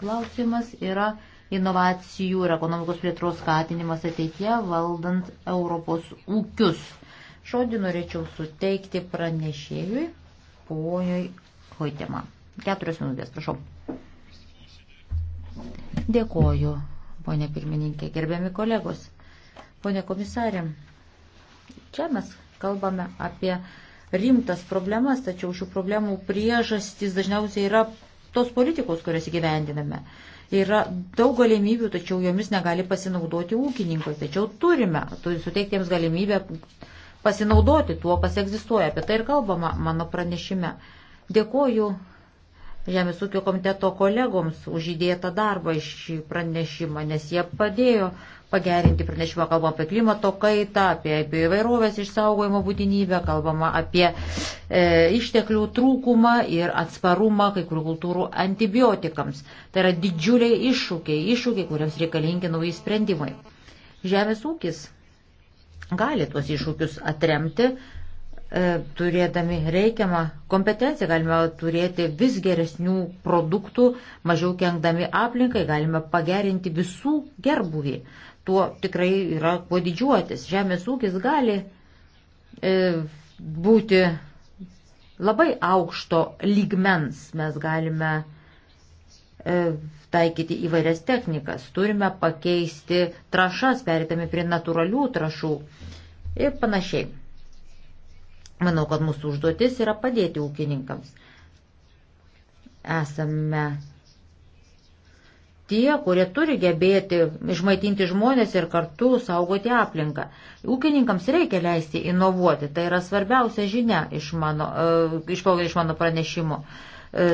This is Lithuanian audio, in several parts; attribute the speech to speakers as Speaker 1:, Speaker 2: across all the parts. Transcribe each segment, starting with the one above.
Speaker 1: klausimas yra inovacijų ir ekonomikos plėtros skatinimas ateitie valdant Europos ūkius. Žodį norėčiau suteikti pranešėjui, ponioj Hoitema. Keturios minutės, prašau. Dėkoju, ponė pirmininkė, gerbiami kolegos. Pone komisarė, čia mes kalbame apie rimtas problemas, tačiau šių problemų priežastys dažniausiai yra tos politikos, kurias įgyvendiname. Yra daug galimybių, tačiau jomis negali pasinaudoti ūkininkai. Tačiau turime suteikti jiems galimybę pasinaudoti tuo, kas egzistuoja. Apie tai ir kalbama mano pranešime. Dėkoju Žemės ūkio komiteto kolegoms už įdėtą darbą iš šį pranešimą, nes jie padėjo pagerinti pranešimą, kalbam apie klimato kaitą, apie, apie įvairovės išsaugojimo būtinybę, kalbama apie e, išteklių trūkumą ir atsparumą kai kurių kultūrų antibiotikams. Tai yra didžiuliai iššūkiai, iššūkiai, kuriems reikalingi nauji sprendimai. Žemės ūkis gali tuos iššūkius atremti, E, turėdami reikiamą kompetenciją galime turėti vis geresnių produktų, mažiau kenkdami aplinkai, galime pagerinti visų gerbuvį. Tuo tikrai yra kuo didžiuotis. Žemės ūkis gali e, būti labai aukšto lygmens. Mes galime e, taikyti įvairias technikas, turime pakeisti trašas, perėtami prie natūralių trašų ir panašiai. Manau, kad mūsų užduotis yra padėti ūkininkams. Esame tie, kurie turi gebėti išmaitinti žmonės ir kartu saugoti aplinką. Ūkininkams reikia leisti inovuoti. Tai yra svarbiausia žinia iš mano, e, iš, iš mano pranešimo. E,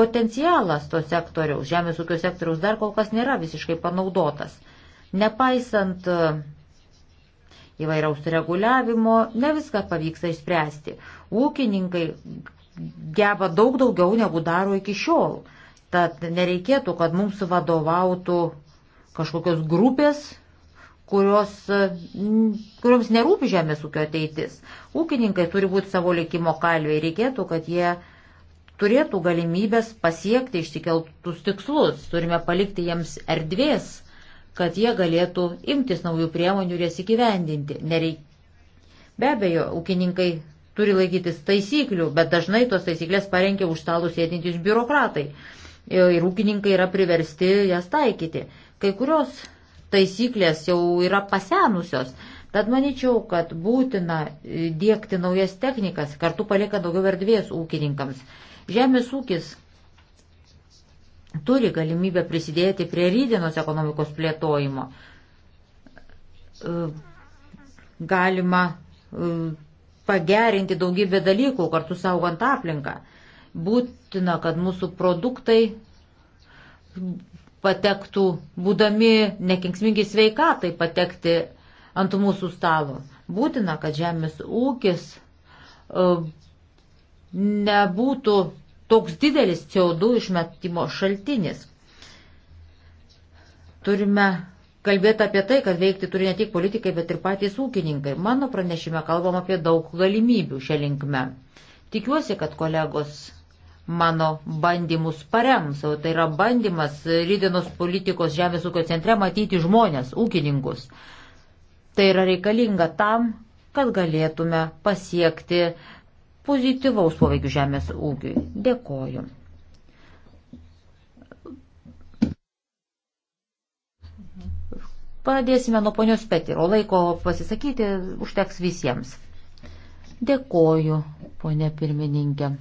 Speaker 1: potencialas to sektoriaus, žemės ūkio sektoriaus dar kol kas nėra visiškai panaudotas. Nepaisant uh, įvairiaus reguliavimo, ne viską pavyksta išspręsti. Ūkininkai geba daug daugiau negu daro iki šiol. Tad nereikėtų, kad mums vadovautų kažkokios grupės, kurios, kurioms nerūpi žemės ūkio ateitis. Ūkininkai turi būti savo likimo kalviai. Reikėtų, kad jie turėtų galimybės pasiekti išsikeltus tikslus. Turime palikti jiems erdvės kad jie galėtų imtis naujų priemonių ir jas įgyvendinti. Nereik... Be abejo, ūkininkai turi laikytis taisyklių, bet dažnai tos taisyklės parengia už stalų sėdintys biurokratai ir ūkininkai yra priversti jas taikyti. Kai kurios taisyklės jau yra pasenusios, tad manyčiau, kad būtina e, dėkti naujas technikas, kartu palieka daugiau erdvės ūkininkams. Žemės ūkis turi galimybę prisidėti prie rydienos ekonomikos plėtojimo. E, galima e, pagerinti daugybę dalykų kartu saugant aplinką. Būtina, kad mūsų produktai patektų, būdami nekenksmingi sveikatai, patekti ant mūsų stalo. Būtina, kad žemės ūkis e, nebūtų toks didelis CO2 išmetimo šaltinis. Turime kalbėti apie tai, kad veikti turi ne tik politikai, bet ir patys ūkininkai. Mano pranešime kalbam apie daug galimybių šią linkmę. Tikiuosi, kad kolegos mano bandymus parems, o tai yra bandymas rydienos politikos žemės ūkio centre matyti žmonės, ūkininkus. Tai yra reikalinga tam, kad galėtume pasiekti uh, pozityvaus poveikių žemės ūkiui. Dėkoju. Pradėsime nuo ponios Petir, o laiko pasisakyti užteks visiems. Dėkoju, ponė pirmininkė.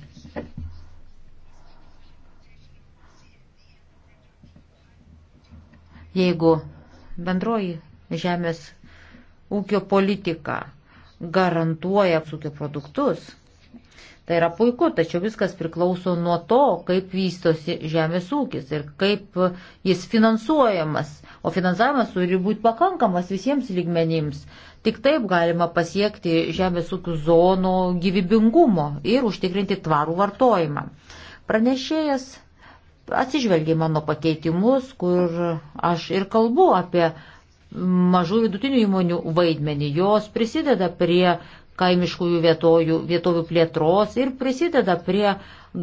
Speaker 1: Jeigu bendroji žemės ūkio politika garantuoja ūkio produktus, Tai yra puiku, tačiau viskas priklauso nuo to, kaip vystosi žemės ūkis ir kaip jis finansuojamas. O finansavimas turi būti pakankamas visiems lygmenims. Tik taip galima pasiekti žemės ūkių zonų gyvybingumo ir užtikrinti tvarų vartojimą. Pranešėjas atsižvelgia mano pakeitimus, kur aš ir kalbu apie mažų vidutinių įmonių vaidmenį. Jos prisideda prie kaimiškųjų vietojų, vietovių plėtros ir prisideda prie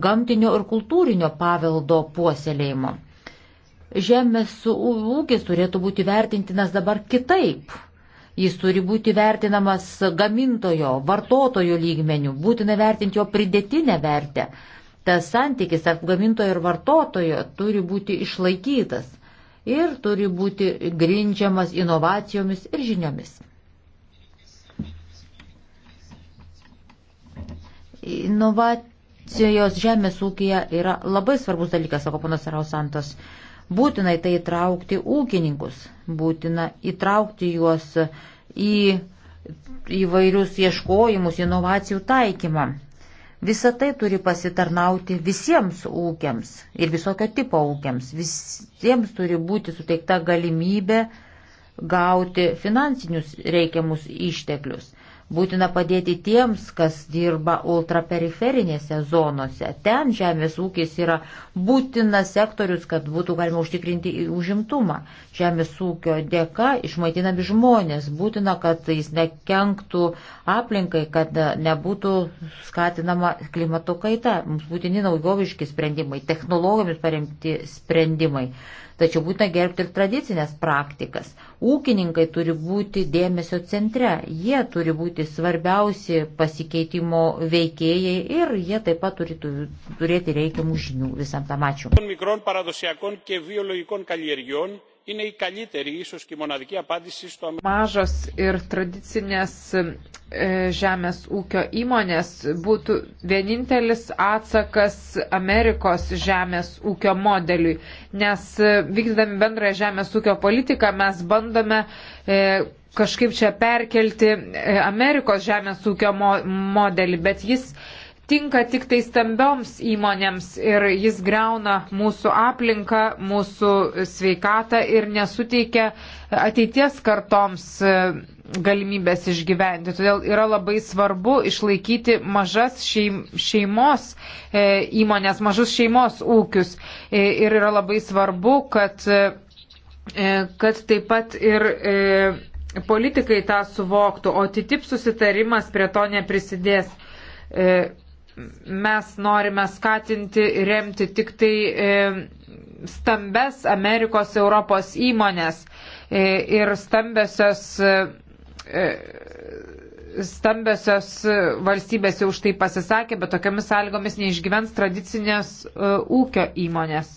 Speaker 1: gamtinio ir kultūrinio paveldo puoselėjimo. Žemės ūkis turėtų būti vertintinas dabar kitaip. Jis turi būti vertinamas gamintojo, vartotojo lygmenių, būtina vertinti jo pridėtinę vertę. Tas santykis tarp gamintojo ir vartotojo turi būti išlaikytas ir turi būti grindžiamas inovacijomis ir žiniomis. Inovacijos žemės ūkija yra labai svarbus dalykas, sako ponas Rausantas. Būtinai tai įtraukti ūkininkus, būtina įtraukti juos į įvairius ieškojimus, inovacijų taikymą. Visą tai turi pasitarnauti visiems ūkiams ir visokio tipo ūkiams. Visiems turi būti suteikta galimybė gauti finansinius reikiamus išteklius. Būtina padėti tiems, kas dirba ultraperiferinėse zonose. Ten žemės ūkis yra būtinas sektorius, kad būtų galima užtikrinti užimtumą. Žemės ūkio dėka išmaitinami žmonės. Būtina, kad jis nekenktų aplinkai, kad nebūtų skatinama klimato kaita. Mums būtini naujoviški sprendimai, technologijomis paremti sprendimai. Tačiau būtina gerbti ir tradicinės praktikas. Ūkininkai turi būti dėmesio centre, jie turi būti svarbiausi pasikeitimo veikėjai ir jie taip pat turi turėti reikiamų žinių visam tam ačiū
Speaker 2: είναι η καλύτερη, ίσως και η μοναδική απάντηση στο... Mažos
Speaker 3: ir tradicinės e, žemės ūkio įmonės būtų vienintelis atsakas Amerikos žemės ūkio modeliui, nes e, vykdami bendrąją žemės ūkio politiką mes bandome e, kažkaip čia perkelti Amerikos žemės ūkio modelį, bet jis tinka tik tai stambioms įmonėms ir jis greuna mūsų aplinką, mūsų sveikatą ir nesuteikia ateities kartoms e, galimybės išgyventi. Todėl yra labai svarbu išlaikyti mažas šeim, šeimos e, įmonės, mažus šeimos ūkius. E, ir yra labai svarbu, kad, e, e kad taip pat ir. E, Politikai tą suvoktų, o TTIP susitarimas prie to neprisidės. E, mes norime skatinti ir remti tik tai e, stambes Amerikos Europos įmonės e, ir stambiosios. E, e Stambiosios valstybės jau už tai pasisakė, bet tokiamis sąlygomis neišgyvens tradicinės uh, ūkio įmonės.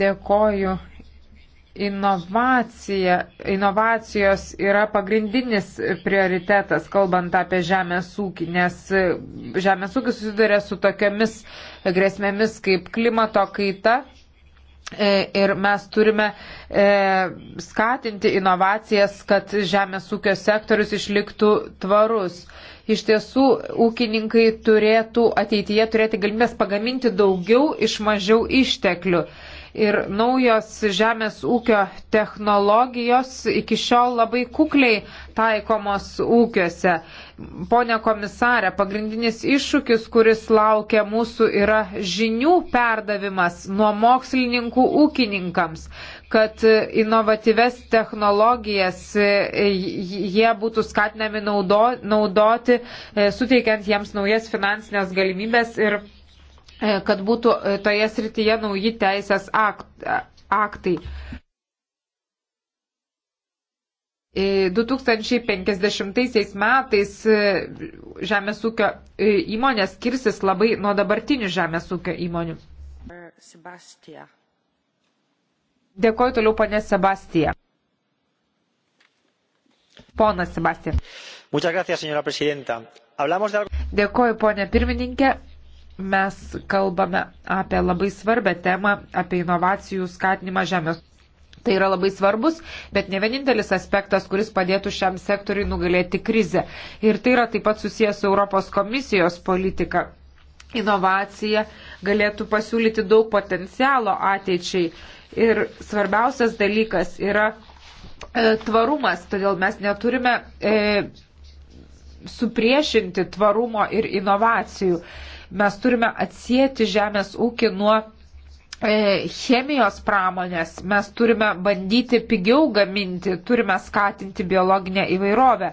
Speaker 3: Dėkoju inovacija, inovacijos yra pagrindinis prioritetas, kalbant apie žemės ūkį, nes žemės ūkis susiduria su tokiamis grėsmėmis kaip klimato kaita. E, ir mes turime e, skatinti inovacijas, kad žemės ūkio sektorius išliktų tvarus. Iš tiesų, ūkininkai turėtų ateityje turėti galimybės pagaminti daugiau iš mažiau išteklių. E, ir naujos žemės ūkio technologijos iki šiol labai kukliai taikomos ūkiuose. Pone komisarė, pagrindinis iššūkis, kuris laukia mūsų, yra žinių perdavimas nuo mokslininkų ūkininkams, kad inovatyves technologijas e, jie būtų skatinami naudo, naudoti, e, suteikiant jiems naujas finansinės galimybės ir E, kad būtų e, toje srityje nauji teisės e, aktai. 2050 metais žemės ūkio įmonės skirsis labai nuo dabartinių žemės ūkio įmonių. Sebastija. Dėkoju toliau, ponė Sebastija. Ponas Sebastija. Gracias, Dėkoju, ponė pirmininkė mes kalbame apie labai svarbę temą, apie inovacijų skatinimą žemės. Tai yra labai svarbus, bet ne vienintelis aspektas, kuris padėtų šiam sektoriui nugalėti krizę. Ir tai yra taip pat susijęs su Europos komisijos politika. Inovacija galėtų pasiūlyti daug potencialo ateičiai. Ir svarbiausias dalykas yra e, tvarumas, todėl mes neturime e, supriešinti tvarumo ir inovacijų. E, Mes turime atsijėti žemės ūkį nuo e, chemijos pramonės, mes turime bandyti pigiau gaminti, turime skatinti biologinę įvairovę.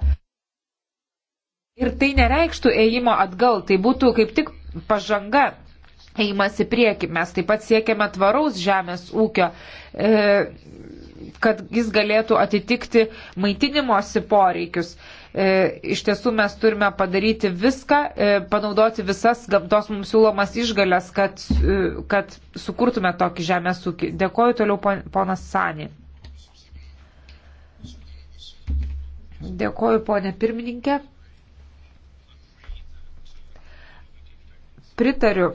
Speaker 3: Ir tai nereikštų ėjimo atgal, tai būtų kaip tik pažanga. Eimas į priekį, mes taip pat siekiame tvaraus žemės ūkio. E, kad jis galėtų atitikti maitinimosi poreikius. E, iš tiesų mes turime padaryti viską, e, panaudoti visas gamtos mums siūlomas išgalės, kad, e, kad sukurtume tokį žemės ūkį. Dėkoju toliau ponas Sanį. Dėkoju ponė pirmininkė. Pritariu,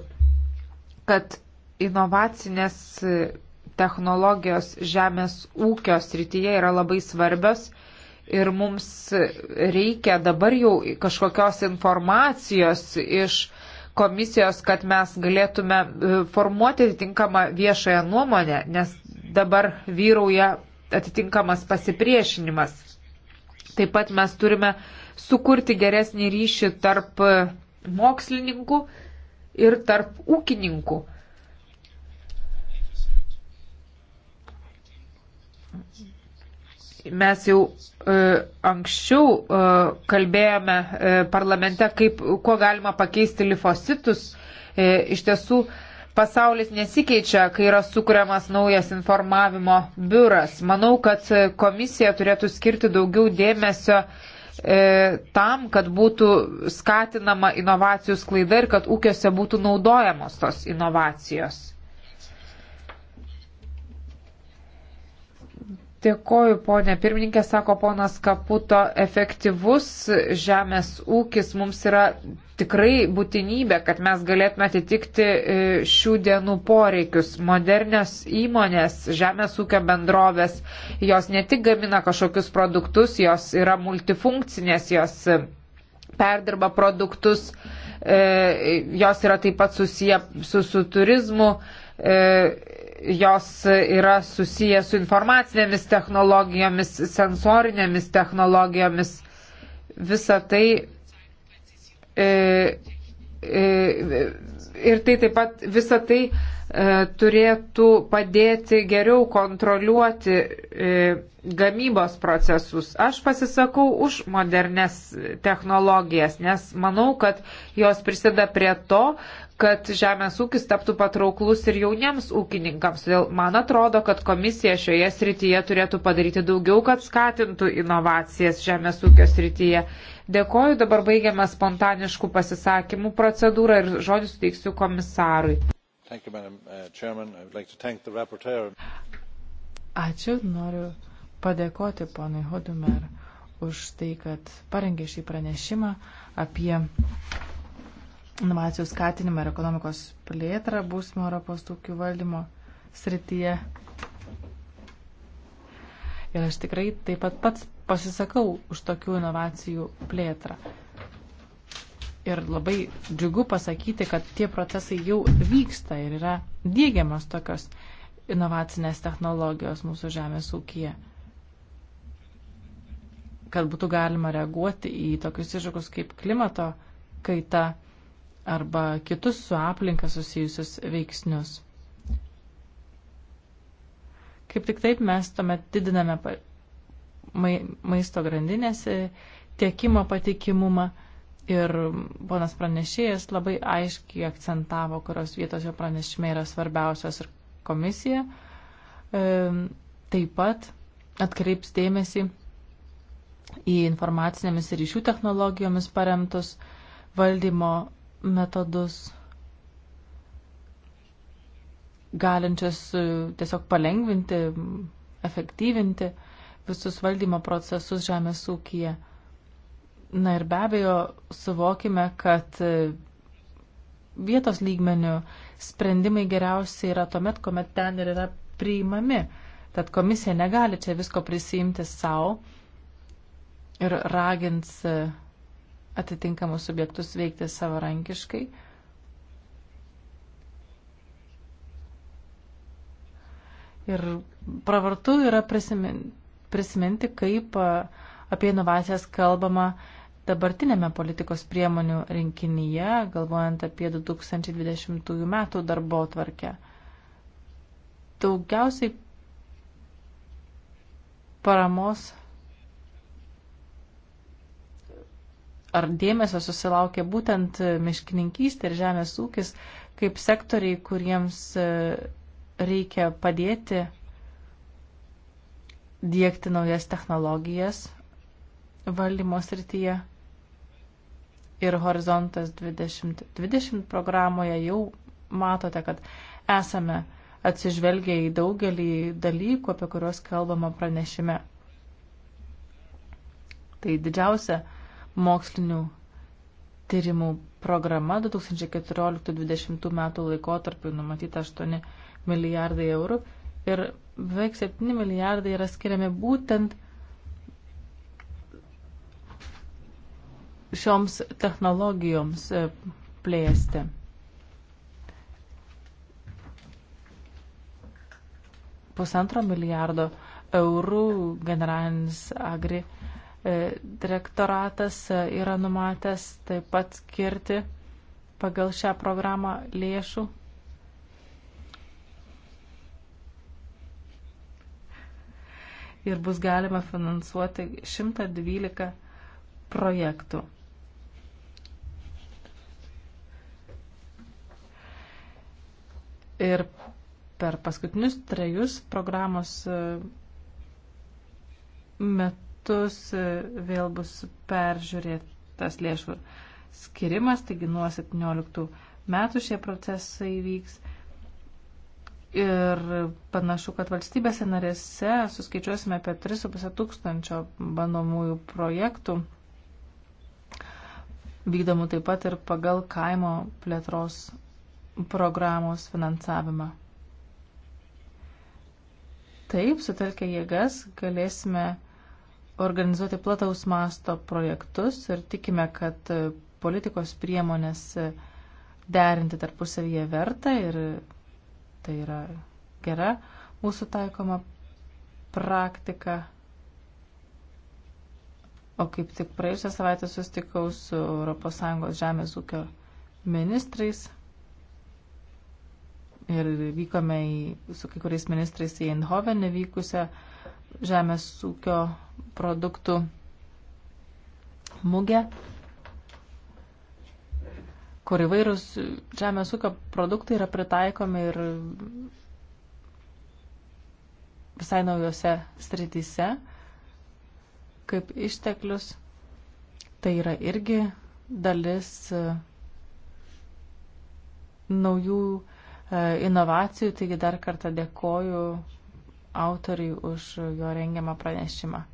Speaker 3: kad inovacinės technologijos žemės ūkio srityje yra labai svarbios ir mums reikia dabar jau kažkokios informacijos iš komisijos, kad mes galėtume e, formuoti atitinkamą viešąją nuomonę, nes dabar vyrauja atitinkamas pasipriešinimas. Taip pat mes turime sukurti geresnį ryšį tarp e, mokslininkų ir tarp ūkininkų. mes jau e, anksčiau e, kalbėjome e, parlamente, kaip, kuo galima pakeisti lifositus. E, iš tiesų, pasaulis nesikeičia, kai yra sukūriamas naujas informavimo biuras. Manau, kad komisija turėtų skirti daugiau dėmesio e, tam, kad būtų skatinama inovacijų sklaida ir kad ūkiuose būtų naudojamos tos inovacijos. Dėkoju, ponė pirmininkė, sako ponas Kaputo, efektyvus žemės ūkis mums yra tikrai būtinybė, kad mes galėtume atitikti e, šių dienų poreikius. Modernios įmonės, žemės ūkio bendrovės, jos ne tik gamina kažkokius produktus, jos yra multifunkcinės, jos e, perdirba produktus, e, jos yra taip pat susiję su, su turizmu jos yra susiję su informacinėmis technologijomis, sensorinėmis technologijomis. Visa tai e, e, ir tai taip pat visa tai E, turėtų padėti geriau kontroliuoti e, gamybos procesus. Aš pasisakau už modernes technologijas, nes manau, kad jos prisida prie to, kad žemės ūkis taptų patrauklus ir jauniems ūkininkams. Todėl man atrodo, kad komisija šioje srityje turėtų padaryti daugiau, kad skatintų inovacijas žemės ūkio srityje. Dėkoju, dabar baigiame spontaniškų pasisakymų procedūrą ir žodį suteiksiu komisarui.
Speaker 2: You, uh, like Ačiū, noriu padėkoti ponui Hodumer už tai, kad parengė šį pranešimą apie inovacijų skatinimą ir ekonomikos plėtrą būsimo Europos tūkių valdymo srityje. Ir aš tikrai taip pat pats pasisakau už tokių inovacijų plėtrą ir labai džiugu pasakyti, kad tie procesai jau vyksta ir yra dėgiamas tokios inovacinės technologijos mūsų žemės ūkija. Kad būtų galima reaguoti į tokius iššūkius kaip klimato kaita arba kitus su aplinka susijusius veiksnius. Kaip tik taip mes tuomet didiname maisto grandinės tiekimo patikimumą Ir ponas pranešėjas labai aiškiai akcentavo, kurios vietos jo pranešime yra svarbiausios ir komisija. E, taip pat atkreips dėmesį į informacinėmis ir ryšių technologijomis paremtus valdymo metodus, galinčias e, tiesiog palengvinti, efektyvinti visus valdymo procesus žemės ūkija. Na ir be abejo, suvokime, kad e, vietos lygmenių sprendimai geriausiai yra tuomet, kuomet ten ir yra priimami. Tad komisija negali čia visko prisijimti savo ir ragins e, atitinkamus subjektus veikti savarankiškai. Ir pravartu yra prisiminti, prisiminti kaip uh, apie inovacijas kalbama dabartinėme politikos priemonių rinkinyje, galvojant apie 2020 metų darbo tvarkę. Daugiausiai paramos ar dėmesio susilaukė būtent miškininkystė ir žemės ūkis kaip sektoriai, kuriems e, reikia padėti dėkti naujas technologijas valdymo srityje. Ir Horizontas 2020 programoje jau matote, kad esame atsižvelgę į daugelį dalykų, apie kuriuos kalbama pranešime. Tai didžiausia mokslinių tyrimų programa 2014-2020 metų laikotarpiu numatyta 8 milijardai eurų ir beveik 7 milijardai yra skiriami būtent šioms technologijoms e, plėsti. Pusantro milijardo eurų generalinis agri e, direktoratas e, yra numatęs taip pat skirti pagal šią programą lėšų. Ir bus galima finansuoti 112 projektų. Ir per paskutinius trejus programos e, metus e, vėl bus peržiūrėtas lėšų skirimas, taigi nuo 17 metų šie procesai vyks. Ir panašu, kad valstybėse narėse suskaičiuosime apie 3,5 tūkstančio bandomųjų projektų, vykdomų taip pat ir pagal kaimo plėtros programos finansavimą. Taip, sutelkę jėgas, galėsime organizuoti plataus masto projektus ir tikime, kad politikos priemonės derinti tarpusavyje verta ir tai yra gera mūsų taikoma praktika. O kaip tik praėjusią savaitę sustikau su ES žemės ūkio ministrais ir vykome į, su kai kuriais ministrais į Eindhovenę vykusią žemės ūkio produktų mugę, kur įvairūs žemės ūkio produktai yra pritaikomi ir visai naujose strityse, kaip išteklius. Tai yra irgi dalis e, naujų E, inovacijų, taigi dar kartą dėkoju autoriai už jo rengiamą pranešimą.